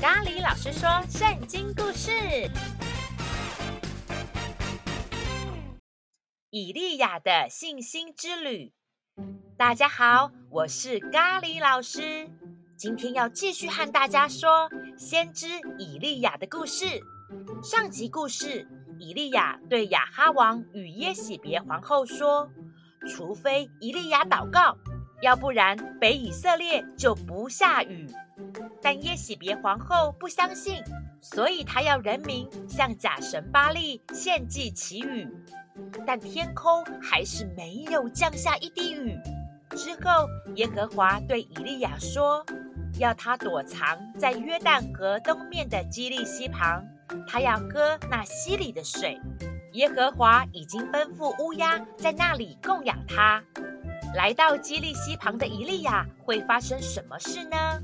咖喱老師說：“聖經故事——以利亞的信心之旅。”大家好，我是咖喱老師。今天要繼續和大家說，先知以利亞的故事。上集故事，以利亞對亞哈王與耶洗別皇後說：“除非以利亞禱告，要不然北以色列就不下雨。”但耶洗別皇後不相信，所以她要人民向假神巴利獻祭祈雨。但天空還是沒有降下一滴雨。之後，耶和華對以利亞說，要他躲藏在約旦河東面的基利溪旁，他要喝那溪裡的水。耶和華已經吩咐烏鴉在那裡供養他。來到基利溪旁的以利亞，會發生什麼事呢？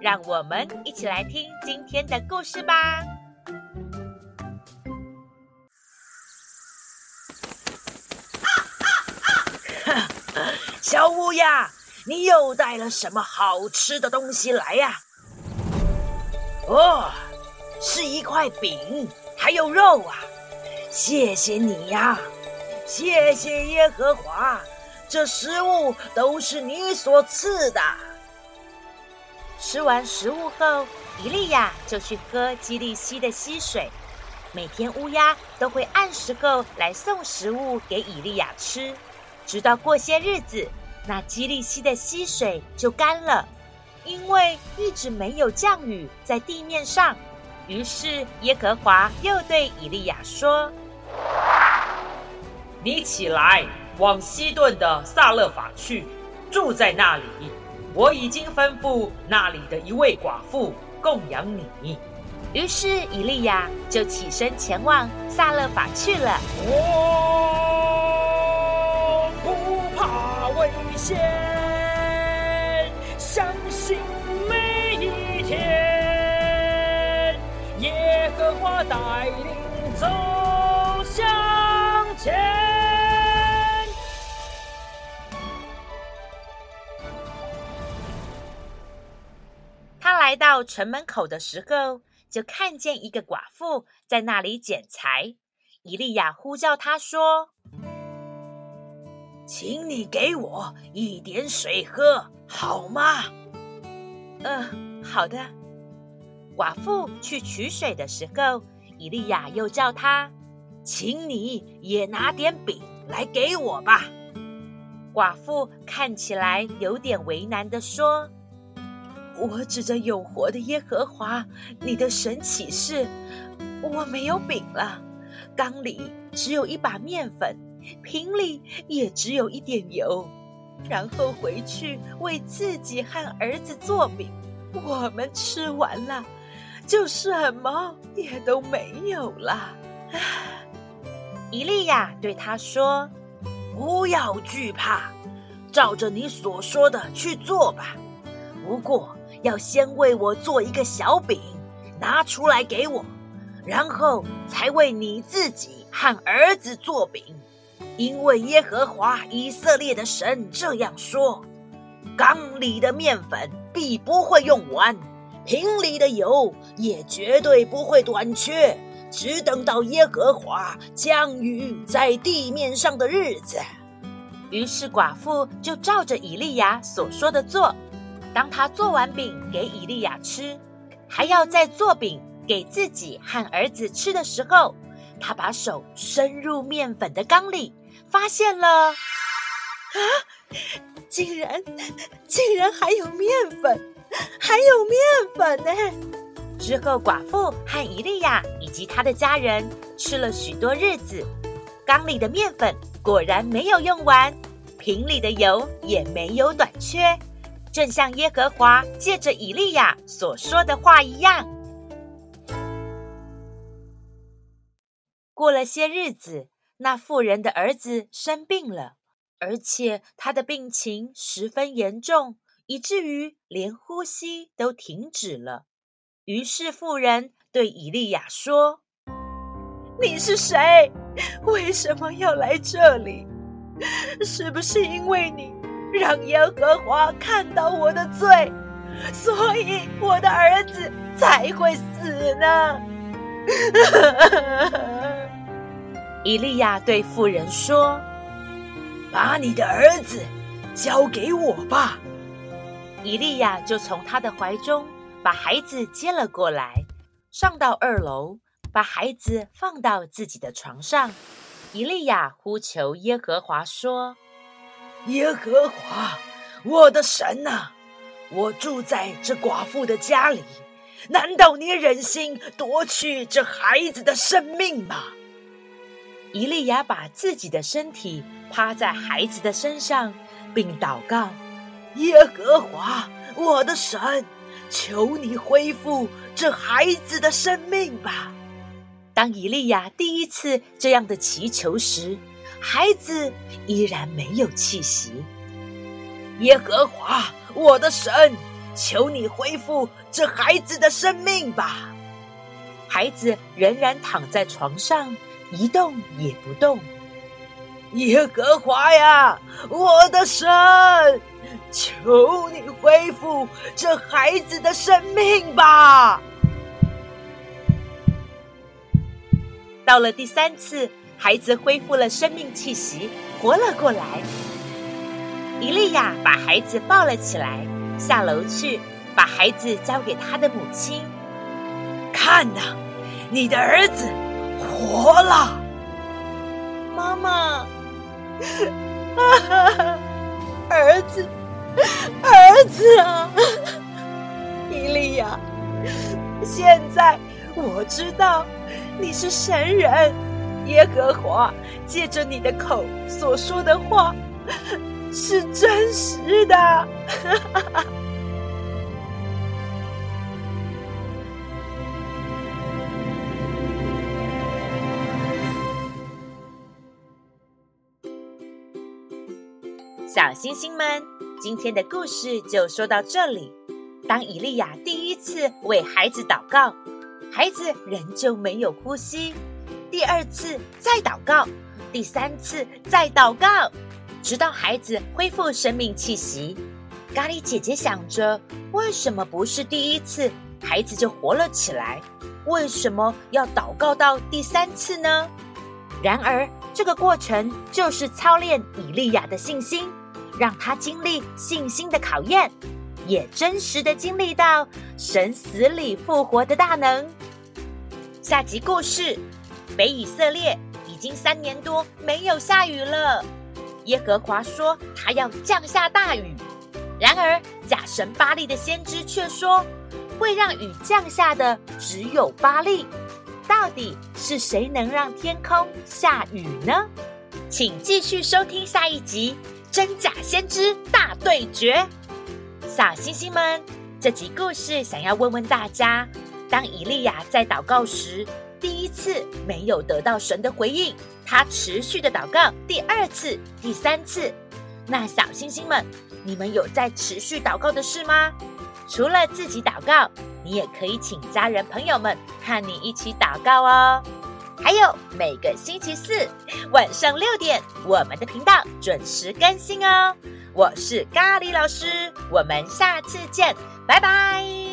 讓我們一起來聽今天的故事吧。啊啊啊。小烏鴉，你又帶了什麼好吃的東西來呀、啊？哦，是一塊餅，還有肉啊！謝謝你呀、啊，謝謝耶和華，這食物都是你所賜的。吃完食物後，以利亞就去喝基利溪的溪水。每天烏鴉都會按時過來送食物給以利亞吃，直到過些日子，那基利溪的溪水就乾了，因為一直沒有降雨在地面上。於是耶和華又對以利亞說：“你起來，往西頓的撒勒法去，住在那裡。”我已經吩咐那裡的一位寡婦供養你。於是，以利亞就起身前往撒勒法去了。我不怕危險，相信每一天，耶和華帶領走。到城門口的時候，就看見一個寡婦在那裡撿柴。以利亞呼叫她說：“請你給我一點水喝，好嗎？”“嗯、呃，好的。”寡婦去取水的時候，以利亞又叫她：“請你也拿點餅來給我吧。”寡婦看起來有點為難地說。我指着有活的耶和華，你的神起誓，我沒有餅了，缸裡只有一把麵粉，瓶裡也只有一點油，然後回去為自己和兒子做餅。我們吃完了，就什麼也都沒有了。唉。以利亞對他說：“不要懼怕，照着你所說的去做吧。不過。”要先為我做一個小餅，拿出來給我，然後才為你自己和兒子做餅。因為耶和華以色列的神這樣說：缸裡的麵粉必不會用完，瓶裡的油也絕對不會短缺。只等到耶和華降雨在地面上的日子。於是寡婦就照着以利亞所說的做。當他做完餅給以利亞吃，還要再做餅給自己和兒子吃的時候，他把手伸入麵粉的缸裡，發現了啊，竟然竟然還有麵粉，還有麵粉呢！之後，寡婦和以利亞以及他的家人吃了許多日子，缸裡的麵粉果然沒有用完，瓶裡的油也沒有短缺。正像耶和華借着以利亞所說的話一樣。過了些日子，那婦人的兒子生病了，而且他的病情十分嚴重，以至於連呼吸都停止了。於是婦人對以利亞說：“你是誰？為什麼要來這裡？是不是因為你……”讓耶和華看到我的罪，所以我的兒子才會死呢。 以利亞對婦人說：“把你的兒子交給我吧。”以利亞就從他的懷中把孩子接了過來，上到二樓，把孩子放到自己的床上。以利亞呼求耶和華說。耶和華，我的神吶！我住在這寡婦的家裡，難道你忍心奪去這孩子的生命嗎？以利亞把自己的身體趴在孩子的身上，並禱告：“耶和華，我的神，求你恢復這孩子的生命吧！”當以利亞第一次這樣的祈求時，孩子依然沒有氣息。耶和華，我的神，求你恢復這孩子的生命吧。孩子仍然躺在床上，一動也不動。耶和華呀，我的神，求你恢復這孩子的生命吧。到了第三次。孩子恢復了生命氣息，活了過來。以利亞把孩子抱了起來，下樓去把孩子交給他的母親。看吶、啊，你的兒子活了！媽媽，啊、兒子，兒子，啊，以利亞，現在我知道你是神人，耶和華借着你的口所說的話是真實的。 小星星們，今天的故事就說到這裡。當以利亞第一次為孩子禱告，孩子仍舊沒有呼吸。第二次再禱告，第三次再禱告，直到孩子恢復生命氣息。咖喱姐姐想着：為什麼不是第一次孩子就活了起來？為什麼要禱告到第三次呢？然而，這個過程就是操練以利亞的信心，讓他經歷信心的考驗，也真實的經歷到神死裡復活的大能。下集故事。北以色列已經三年多沒有下雨了。耶和華說，他要降下大雨。然而，假神巴利的先知卻說，會讓雨降下的只有巴利。到底是誰能讓天空下雨呢？請繼續收聽下一集《真假先知大對決》。小星星們，這集故事想要問問大家：當以利亞在禱告時，第一次沒有得到神的回應，他持續的禱告。第二次、第三次，那小星星們，你們有在持續禱告的事嗎？除了自己禱告，你也可以請家人朋友們和你一起禱告哦。還有每個星期四晚上六點，我們的頻道準時更新哦。我是咖喱老師，我們下次見，拜拜。